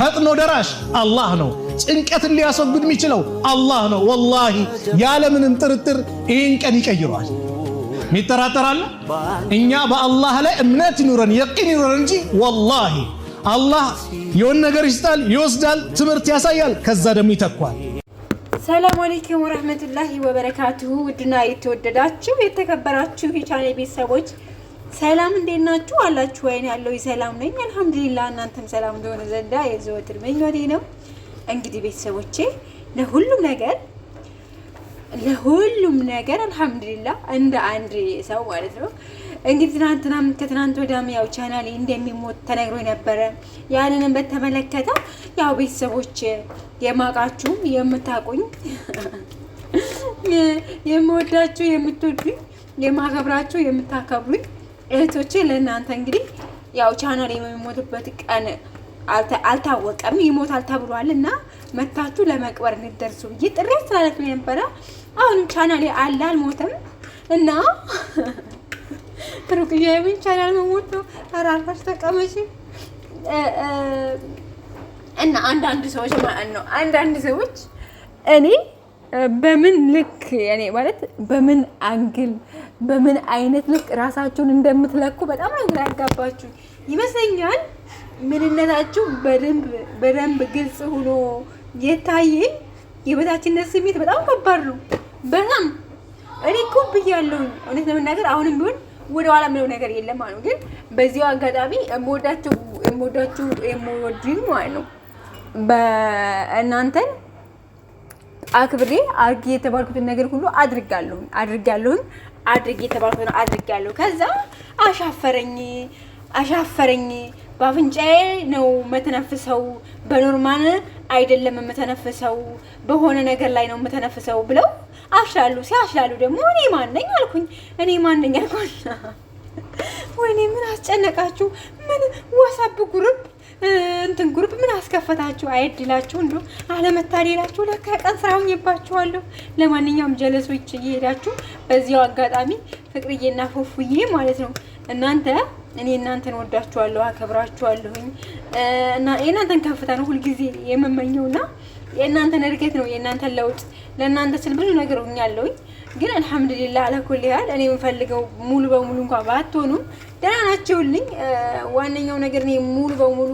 ፈጥኖ ደራሽ አላህ ነው። ጭንቀትን ሊያስወግድ የሚችለው አላህ ነው። ወላሂ ያለምንም ጥርጥር ይህን ቀን ይቀይረዋል። ሚጠራጠራለ እኛ በአላህ ላይ እምነት ይኑረን የቅን ይኑረን እንጂ ወላሂ አላህ የሆን ነገር ይስጣል፣ ይወስዳል፣ ትምህርት ያሳያል፣ ከዛ ደግሞ ይተኳል። ሰላም አለይኩም ወረህመቱላሂ ወበረካቱሁ። ውድና የተወደዳችሁ የተከበራችሁ የቻኔ ቤተሰቦች ሰላም እንዴት ናችሁ አላችሁ? ወይኔ ያለው ሰላም ነኝ አልሐምዱሊላህ። እናንተም ሰላም እንደሆነ ዘንዳ የዘወትር ምኞቴ ነው። እንግዲህ ቤተሰቦቼ ለሁሉም ነገር ለሁሉም ነገር አልሐምዱሊላህ እንደ አንድ ሰው ማለት ነው። እንግዲህ ትናንትናም ከትናንት ወዲያም ያው ቻናሌ እንደሚሞት ተነግሮ ነበረ። ያንንም በተመለከተ ያው ቤተሰቦች የማውቃችሁም የምታውቁኝ የምወዳችሁ የምትወዱኝ የማከብራችሁ የምታከብሩኝ እህቶቼ ለእናንተ እንግዲህ ያው ቻናል የሚሞትበት ቀን አልታወቀም፣ ይሞታል ተብሏል እና መታችሁ ለመቅበር እንደርሱ ብዬ ጥሪ አስተላለፍ የነበረ አሁንም ቻናል አለ አልሞተም እና ሩቅያዊን ቻናል መሞት ነው። ራራሽ ተቀመጪ እና አንዳንድ ሰዎች ማለት ነው አንዳንድ ሰዎች እኔ በምን ልክ እኔ ማለት በምን አንግል በምን አይነት ልክ ራሳችሁን እንደምትለኩ በጣም ነው ግራ ያጋባችሁ ይመስለኛል። ምንነታችሁ በደንብ ግልጽ ሆኖ የታየ የበታችነት ስሜት በጣም ከባድ ነው። በጣም እኔ እኮ ብያለሁኝ እውነት ለመናገር አሁንም ቢሆን ወደ ኋላ ምለው ነገር የለም ማለት ግን በዚያው አጋጣሚ የምወዳችሁ የምወዳችሁ የምወድኝ ማለት ነው በእናንተን አክብሬ አርጌ የተባልኩትን ነገር ሁሉ አድርጋለሁ አድርጋለሁኝ አድርጌ ነው አድርጋለሁ። ከዛ አሻፈረኝ አሻፈረኝ። በአፍንጫዬ ነው የምተነፍሰው፣ በኖርማል አይደለም የምተነፍሰው፣ በሆነ ነገር ላይ ነው የምተነፍሰው ብለው አሻሉ። ሲያሻሉ ደግሞ እኔ ማነኝ አልኩኝ። እኔ ማነኝ አልኩኝ። ወይኔ ምን አስጨነቃችሁ? ምን ዋሳብ ጉርብ እንትን ግሩፕ ምን አስከፈታችሁ? አይድላችሁ እንዶ አለመታደላችሁ። ለካ ቀን ስራ ሁኝባችኋለሁ። ለማንኛውም ጀለሶች እየሄዳችሁ በዚያው አጋጣሚ ፍቅርዬና ፉፉዬ ማለት ነው እናንተ እኔ እናንተን ወዳችኋለሁ፣ አከብራችኋለሁኝ እና የእናንተን ከፍታ ነው ሁልጊዜ የምመኘውና የእናንተን እድገት ነው የእናንተን ለውጥ ለእናንተ ስል ብዙ ነገር ሆኛለሁኝ። ግን አልሐምዱሊላህ አላኩል ያህል እኔ የምፈልገው ሙሉ በሙሉ እንኳን ባትሆኑም ደህና ናቸውልኝ። ዋነኛው ነገር እኔ ሙሉ በሙሉ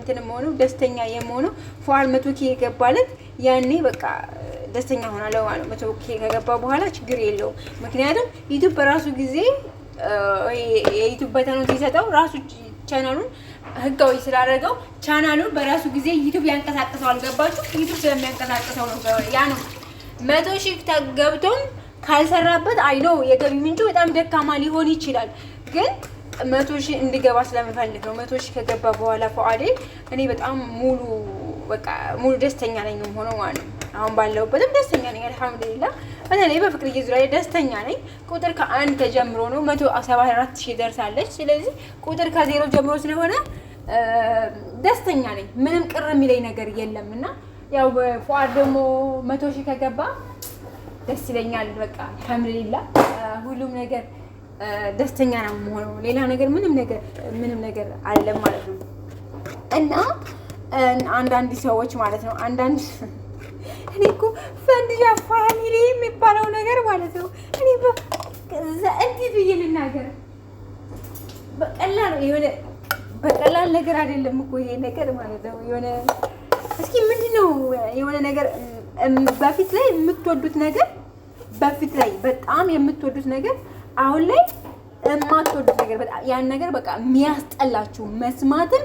እንትን የምሆነው ደስተኛ የምሆነው ፏል መቶ ኬ የገባለት ያኔ በቃ ደስተኛ ሆናለሁ ማለት መቶ ኬ ከገባ በኋላ ችግር የለውም። ምክንያቱም ዩቱብ በራሱ ጊዜ የዩቱብ በተኑ ሲሰጠው ራሱ ቻናሉን ህጋዊ ስላደረገው ቻናሉን በራሱ ጊዜ ዩቱብ ያንቀሳቅሰዋል። ገባችሁ? ዩቱብ ስለሚያንቀሳቀሰው ነው ያ ነው መቶ ሺህ ገብቶም ካልሰራበት አይ ነው የገቢ ምንጩ በጣም ደካማ ሊሆን ይችላል ግን መቶ ሺህ እንድገባ ስለምፈልግ ነው። መቶ ሺህ ከገባ በኋላ ፈዋዴ እኔ በጣም ሙሉ በቃ ሙሉ ደስተኛ ነኝ ሆኖ ማለት ነው። አሁን ባለውበትም ደስተኛ ነኝ አልሐምዱሊላ በተለይ በፍቅርዬ ዙሪያ ላይ ደስተኛ ነኝ። ቁጥር ከአንድ ተጀምሮ ነው መቶ ሰባ አራት ሺህ ደርሳለች። ስለዚህ ቁጥር ከዜሮ ጀምሮ ስለሆነ ደስተኛ ነኝ። ምንም ቅር የሚለኝ ነገር የለም እና ያው ፈዋድ ደግሞ መቶ ሺህ ከገባ ደስ ይለኛል። በቃ ከምሌላ ሁሉም ነገር ደስተኛ ነው የምሆነው። ሌላ ነገር ምንም ነገር ምንም ነገር አለ ማለት ነው እና አንዳንድ ሰዎች ማለት ነው አንዳንድ እኔ እኮ ፈንድያ ፋሚሊ የሚባለው ነገር ማለት ነው እኔ እንዴት ብዬ ልናገር? በቀላል የሆነ በቀላል ነገር አይደለም እኮ ይሄ ነገር ማለት ነው። የሆነ እስኪ ምንድን ነው የሆነ ነገር በፊት ላይ የምትወዱት ነገር በፊት ላይ በጣም የምትወዱት ነገር አሁን ላይ የማትወዱት ነገር በጣም ያን ነገር በቃ የሚያስጠላችሁ መስማትም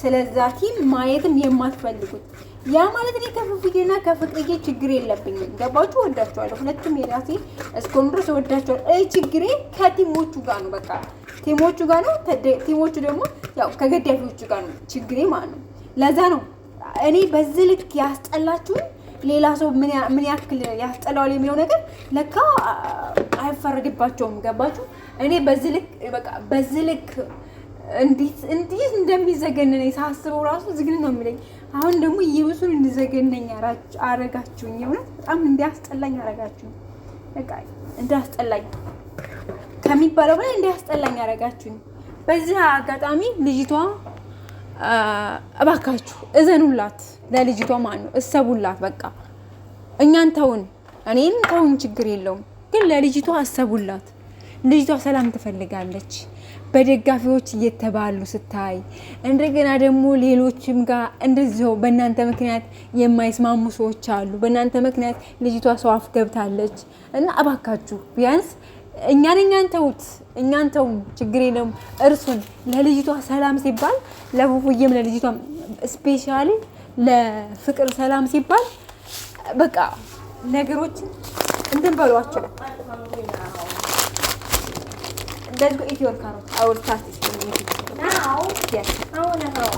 ስለዛ ቲም ማየትም የማትፈልጉት ያ ማለት እኔ ከፍፍዬና ከፍቅርዬ ችግር የለብኝም። ገባችሁ? ወዳችኋለሁ። ሁለቱም የራሴ እስኮም ድረስ ወዳችኋለሁ። እ ችግሬ ከቲሞቹ ጋር ነው። በቃ ቲሞቹ ጋር ነው። ቲሞቹ ደግሞ ያው ከገዳፊዎቹ ጋር ነው ችግሬ ማለት ነው። ለዛ ነው እኔ በዚህ ልክ ያስጠላችሁን ሌላ ሰው ምን ያክል ያስጠላዋል የሚለው ነገር ለካ አይፈረድባቸውም። ገባችሁ? እኔ በዚህ ልክ በቃ በዚህ ልክ እንዴት እንደሚዘገነነኝ ሳስበው ራሱ ዝግን ነው የሚለኝ። አሁን ደግሞ እየብሱን እንዲዘገነኝ አረጋችሁኝ። የእውነት በጣም እንዲያስጠላኝ አረጋችሁኝ። በቃ እንዲያስጠላኝ ከሚባለው በላይ እንዲያስጠላኝ አረጋችሁኝ። በዚህ አጋጣሚ ልጅቷ እባካችሁ እዘኑላት። ለልጅቷ ማለት ነው። እሰቡላት በቃ እኛን ተውን፣ እኔን ተውን፣ ችግር የለውም ግን ለልጅቷ አሰቡላት። ልጅቷ ሰላም ትፈልጋለች። በደጋፊዎች እየተባሉ ስታይ እንደገና ደግሞ ሌሎችም ጋር እንደዚው በእናንተ ምክንያት የማይስማሙ ሰዎች አሉ። በእናንተ ምክንያት ልጅቷ ሰው አፍ ገብታለች እና እባካችሁ ቢያንስ እኛን እኛን ተውት፣ እኛን ተውን፣ ችግር የለውም እርሱን ለልጅቷ ሰላም ሲባል ለፉፉዬም ለልጅቷ ስፔሻሊ ለፍቅር ሰላም ሲባል በቃ ነገሮች እንትን በሏቸው። ለዝጎ ኢትዮር ካሮት አውር ታስቲስ ነው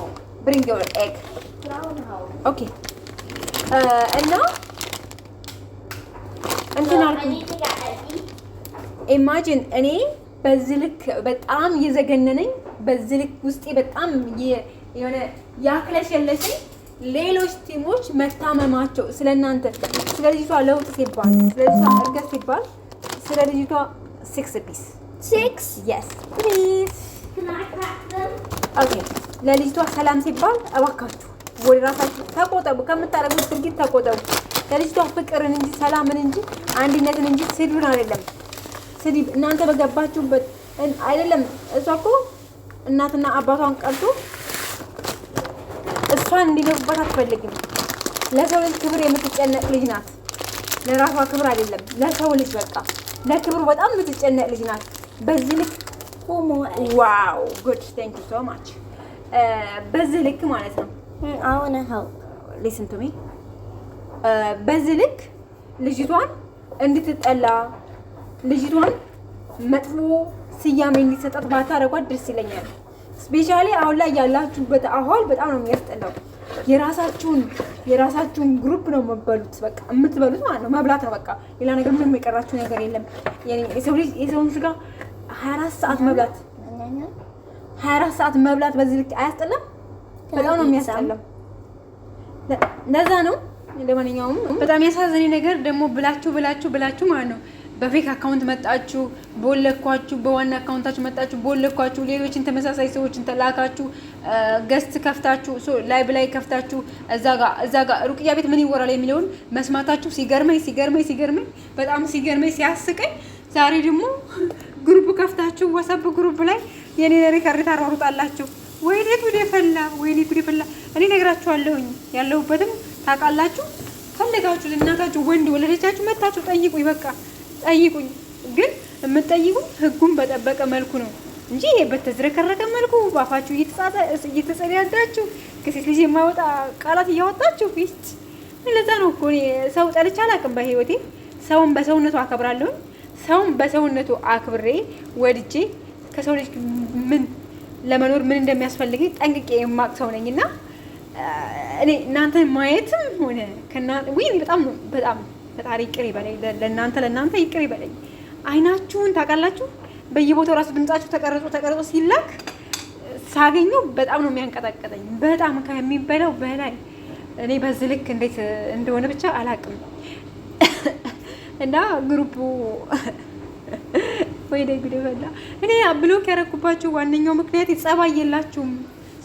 ብሪንግ ዮር ኤግ ኦኬ። እና እንትን ኢማጂን እኔ በዚህ ልክ በጣም እየዘገነነኝ በዚህ ልክ ውስጤ በጣም የሆነ ያክለሽ የለሽኝ ሌሎች ቲሞች መታመማቸው እናንተ ስለ ልጅቷ ለውጥ ሲባል ስለ ልጅቷ እድገት ሲባል ስለ ልጅቷ ሲክስ ፒስ ሲክስ የስ ፕሊዝ ለልጅቷ ሰላም ሲባል እባካችሁ ወደ ራሳችሁ ተቆጠቡ፣ ከምታደርጉት ድርጊት ተቆጠቡ። ለልጅቷ ፍቅርን እንጂ ሰላምን እንጂ አንድነትን እንጂ ስድብን አይደለም። ስድብ እናንተ በገባችሁበት አይደለም። እሷ እኮ እናትና አባቷን ቀርቶ እሷን እንዲገቡባት አትፈልግም። ለሰው ልጅ ክብር የምትጨነቅ ልጅ ናት። ለራሷ ክብር አይደለም ለሰው ልጅ በቃ ለክብር በጣም የምትጨነቅ ልጅ ናት። በዚህ ልክ ዋው ጉድ ቴንክ ዩ ሶ ማች። በዚህ ልክ ማለት ነው አሁን ሀው ሊስን ቱ ሚ በዚህ ልክ ልጅቷን እንድትጠላ ልጅቷን መጥፎ ስያሜ እንዲሰጣት ባታረጓት ደስ ይለኛል። ስፔሻሊ አሁን ላይ ያላችሁበት አሁን በጣም ነው የሚያስጠላው። የራሳችሁን የራሳችሁን ግሩፕ ነው የምትበሉት፣ በቃ የምትበሉት ማለት ነው። መብላት ነው በቃ፣ ሌላ ነገር ምንም የቀራችሁ ነገር የለም። የሰው ልጅ የሰውን ስጋ ሀያ አራት ሰዓት መብላት ሀያ አራት ሰዓት መብላት በዚህ ልክ አያስጠላም? በጣም ነው የሚያስጠላው። ለዛ ነው ለማንኛውም በጣም ያሳዘኔ ነገር ደግሞ ብላችሁ ብላችሁ ብላችሁ ማለት ነው በፌክ አካውንት መጣችሁ፣ ቦለኳችሁ፣ በዋና አካውንታችሁ መጣችሁ፣ ቦለኳችሁ፣ ሌሎችን ተመሳሳይ ሰዎችን ተላካችሁ፣ ገስት ከፍታችሁ፣ ላይብ ላይ ከፍታችሁ፣ እዛ ጋ ሩቅያ ቤት ምን ይወራል የሚለውን መስማታችሁ ሲገርመኝ ሲገርመኝ ሲገርመኝ በጣም ሲገርመኝ ሲያስቀኝ ዛሬ ደግሞ ግሩፕ ከፍታችሁ ወሰብ ግሩፕ ላይ የኔ ሪከርድ ታሯሩጣላችሁ። ወይኔ ጉዴ ፈላ፣ ወይኔ ጉዴ ፈላ። እኔ ነግራችኋለሁኝ ያለሁበትም ታውቃላችሁ። ፈልጋችሁ ልናታችሁ ወንድ ወለደቻችሁ መታችሁ ጠይቁኝ በቃ። ጠይቁኝ። ግን የምትጠይቁኝ ህጉን በጠበቀ መልኩ ነው እንጂ በተዝረከረከ መልኩ ባፋችሁ እየተጸዳዳችሁ ከሴት ልጅ የማይወጣ ቃላት እያወጣችሁ ፊስት ለዛ ነው እኮ እኔ ሰው ጠልቼ አላውቅም በህይወቴ። ሰውን በሰውነቱ አከብራለሁ። ሰውን በሰውነቱ አክብሬ ወድጄ ከሰው ልጅ ምን ለመኖር ምን እንደሚያስፈልገኝ ጠንቅቄ የማቅ ሰው ነኝ እና እኔ እናንተ ማየትም ሆነ ከና በጣም በጣም ፈጣሪ ይቅር ይበለኝ። ለእናንተ ለእናንተ ይቅር ይበለኝ። አይናችሁን ታውቃላችሁ። በየቦታው ራሱ ድምጻችሁ ተቀርጾ ተቀርጾ ሲላክ ሳገኘው በጣም ነው የሚያንቀጠቀጠኝ። በጣም ከሚበላው በላይ እኔ በዚህ ልክ እንዴት እንደሆነ ብቻ አላውቅም። እና ግሩፑ ወይ ደግ እኔ ብሎክ ያደረኩባቸው ዋነኛው ምክንያት ጸባይ የላችሁም።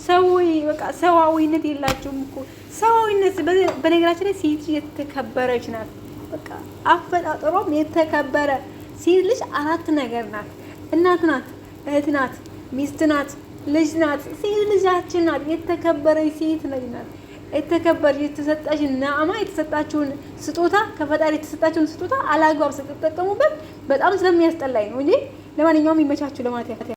ሰው በቃ ሰዋዊነት የላችሁም እኮ ሰዋዊነት። በነገራችን ላይ ሴት የተከበረች ናት። በቃ አፈጣጠሯም የተከበረ ሴት ልጅ አራት ነገር ናት። እናት ናት፣ እህት ናት፣ ሚስት ናት፣ ልጅ ናት። ሴት ልጃችን ናት። የተከበረች ሴት ልጅ ናት። የተከበረች የተሰጣች ናዕማ የተሰጣችውን ስጦታ ከፈጣሪ የተሰጣችውን ስጦታ አላግባብ ስትጠቀሙበት በጣም ስለሚያስጠላኝ ነው እንጂ ለማንኛውም ይመቻችሁ ለማለት